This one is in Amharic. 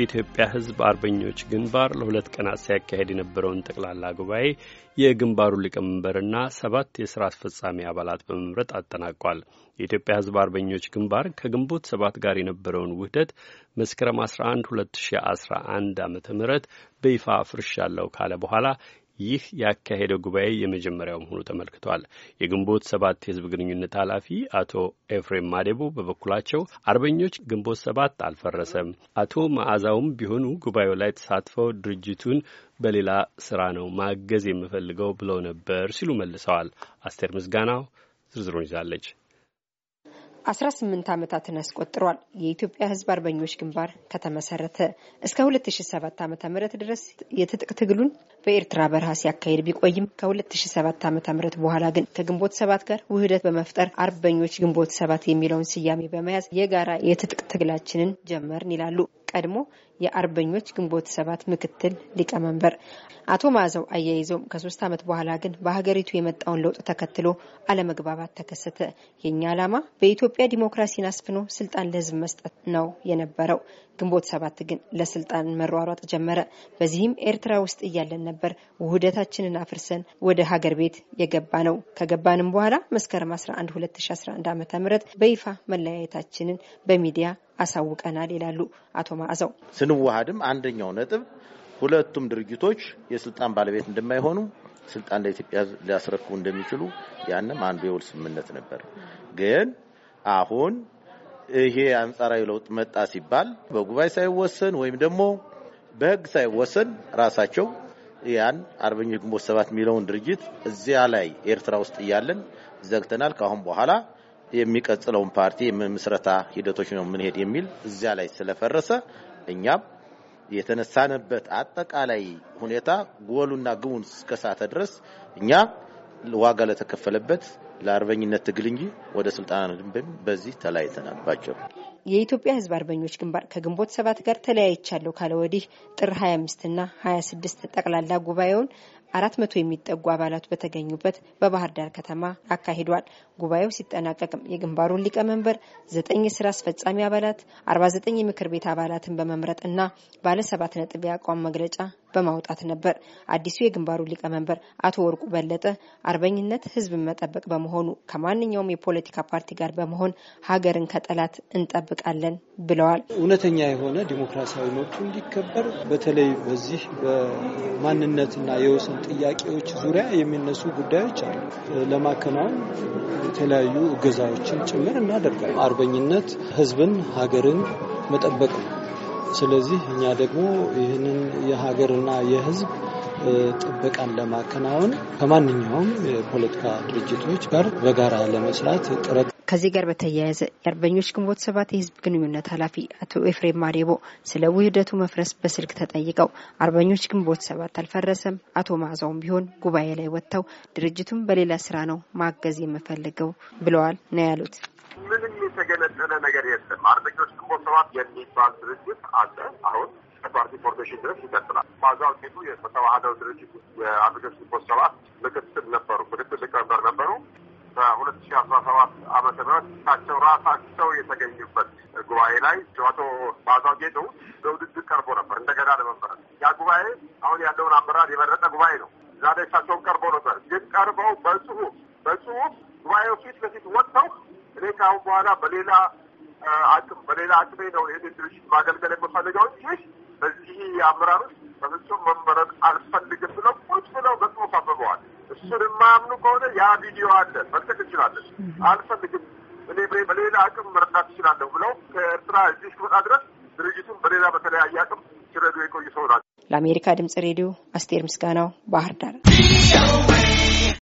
የኢትዮጵያ ሕዝብ አርበኞች ግንባር ለሁለት ቀናት ሲያካሄድ የነበረውን ጠቅላላ ጉባኤ የግንባሩ ሊቀመንበርና ሰባት የስራ አስፈጻሚ አባላት በመምረጥ አጠናቋል። የኢትዮጵያ ሕዝብ አርበኞች ግንባር ከግንቦት ሰባት ጋር የነበረውን ውህደት መስከረም 11 2011 ዓ ም በይፋ አፍርሻለሁ ካለ በኋላ ይህ ያካሄደው ጉባኤ የመጀመሪያው መሆኑ ተመልክቷል። የግንቦት ሰባት የህዝብ ግንኙነት ኃላፊ አቶ ኤፍሬም ማዴቦ በበኩላቸው አርበኞች ግንቦት ሰባት አልፈረሰም፣ አቶ መዓዛውም ቢሆኑ ጉባኤው ላይ ተሳትፈው ድርጅቱን በሌላ ስራ ነው ማገዝ የምፈልገው ብለው ነበር ሲሉ መልሰዋል። አስቴር ምስጋናው ዝርዝሩን ይዛለች። 18 ዓመታትን አስቆጥሯል። የኢትዮጵያ ሕዝብ አርበኞች ግንባር ከተመሰረተ እስከ 2007 ዓ.ም ድረስ የትጥቅ ትግሉን በኤርትራ በረሃ ሲያካሄድ ቢቆይም ከ2007 ዓ.ም በኋላ ግን ከግንቦት ሰባት ጋር ውህደት በመፍጠር አርበኞች ግንቦት ሰባት የሚለውን ስያሜ በመያዝ የጋራ የትጥቅ ትግላችንን ጀመርን ይላሉ። ቀድሞ የአርበኞች ግንቦት ሰባት ምክትል ሊቀመንበር አቶ ማዘው አያይዘውም ከሶስት ዓመት በኋላ ግን በሀገሪቱ የመጣውን ለውጥ ተከትሎ አለመግባባት ተከሰተ። የእኛ ዓላማ በኢትዮጵያ ዲሞክራሲን አስፍኖ ስልጣን ለህዝብ መስጠት ነው የነበረው። ግንቦት ሰባት ግን ለስልጣን መሯሯጥ ጀመረ። በዚህም ኤርትራ ውስጥ እያለን ነበር ውህደታችንን አፍርሰን ወደ ሀገር ቤት የገባ ነው። ከገባንም በኋላ መስከረም 11 2011 ዓ ም በይፋ መለያየታችንን በሚዲያ አሳውቀናል ይላሉ አቶ ማዕዘው። እንዋሃድም አንደኛው ነጥብ ሁለቱም ድርጅቶች የስልጣን ባለቤት እንደማይሆኑ ስልጣን ለኢትዮጵያ ሊያስረክቡ እንደሚችሉ ያንም አንዱ የውል ስምምነት ነበር። ግን አሁን ይሄ አንጻራዊ ለውጥ መጣ ሲባል በጉባኤ ሳይወሰን ወይም ደግሞ በህግ ሳይወሰን ራሳቸው ያን አርበኞች ግንቦት ሰባት የሚለውን ድርጅት እዚያ ላይ ኤርትራ ውስጥ እያለን ዘግተናል፣ ከአሁን በኋላ የሚቀጥለውን ፓርቲ ምስረታ ሂደቶች ነው ምንሄድ የሚል እዚያ ላይ ስለፈረሰ እኛም የተነሳንበት አጠቃላይ ሁኔታ ጎሉና ግቡን እስከሳተ ድረስ እኛ ዋጋ ለተከፈለበት ለአርበኝነት ትግል እንጂ ወደ ስልጣና ድንብም በዚህ ተለያይተናባቸው። የኢትዮጵያ ሕዝብ አርበኞች ግንባር ከግንቦት ሰባት ጋር ተለያይቻለሁ ካለ ወዲህ ጥር 25ና 26 ጠቅላላ ጉባኤውን አራት መቶ የሚጠጉ አባላቱ በተገኙበት በባህር ዳር ከተማ አካሂዷል። ጉባኤው ሲጠናቀቅም የግንባሩን ሊቀመንበር፣ ዘጠኝ የስራ አስፈጻሚ አባላት፣ አርባ ዘጠኝ የምክር ቤት አባላትን በመምረጥ እና ባለ ሰባት ነጥብ የአቋም መግለጫ በማውጣት ነበር። አዲሱ የግንባሩ ሊቀመንበር አቶ ወርቁ በለጠ አርበኝነት ህዝብን መጠበቅ በመሆኑ ከማንኛውም የፖለቲካ ፓርቲ ጋር በመሆን ሀገርን ከጠላት እንጠብቃለን ብለዋል። እውነተኛ የሆነ ዲሞክራሲያዊ መብቱ እንዲከበር በተለይ በዚህ በማንነትና የወሰን ጥያቄዎች ዙሪያ የሚነሱ ጉዳዮች አሉ። ለማከናወን የተለያዩ እገዛዎችን ጭምር እናደርጋለን። አርበኝነት ህዝብን ሀገርን መጠበቅ ነው። ስለዚህ እኛ ደግሞ ይህንን የሀገርና የህዝብ ጥበቃን ለማከናወን ከማንኛውም የፖለቲካ ድርጅቶች ጋር በጋራ ለመስራት ጥረት ከዚህ ጋር በተያያዘ የአርበኞች ግንቦት ሰባት የህዝብ ግንኙነት ኃላፊ አቶ ኤፍሬም ማዴቦ ስለ ውህደቱ መፍረስ በስልክ ተጠይቀው አርበኞች ግንቦት ሰባት አልፈረሰም፣ አቶ ማዕዛውም ቢሆን ጉባኤ ላይ ወጥተው ድርጅቱን በሌላ ስራ ነው ማገዝ የምፈልገው ብለዋል ነው ያሉት። ምንም የተገነጠለ ነገር የለም። አርበኞች ግንቦት ሰባት የሚባል ድርጅት አለ። አሁን ከፓርቲ ፎርሜሽን ድረስ ይቀጥላል። ማዕዛው ጌቱ የተዋህደው ድርጅት የአርበኞች ግንቦት ሰባት ምክትል ነበሩ፣ ምክትል ሊቀመንበር ነበሩ። በሁለት ሺ አስራ ሰባት አመተ ምህረት እሳቸው ራሳቸው የተገኙበት ጉባኤ ላይ አቶ ባዛው ጌጡ በውድድር ቀርቦ ነበር እንደገና ለመንበረ ያ ጉባኤ አሁን ያለውን አመራር የመረጠ ጉባኤ ነው። እዛ ላይ እሳቸውን ቀርቦ ነበር። ግን ቀርበው በጽሁፍ በጽሁፍ ጉባኤው ፊት ለፊት ወጥተው እኔ ከአሁን በኋላ በሌላ አቅም በሌላ አቅሜ ነው ይህን ድርጅት ማገልገል የምፈልገው እንጂ በዚህ አመራር ውስጥ በፍጹም መመረጥ አልፈልግም ብለው ቁጭ ብለው በጽ እሱን የማያምኑ ከሆነ ያ ቪዲዮ አለ መልቀቅ እንችላለን። አልፈልግም እኔ በሌላ አቅም መርዳት እችላለሁ ብለው ከኤርትራ እዚህ እስክመጣ ድረስ ድርጅቱን በሌላ በተለያየ አቅም ሲረዱ የቆዩ ሰው ናቸው። ለአሜሪካ ድምጽ ሬዲዮ አስቴር ምስጋናው ባህር ዳር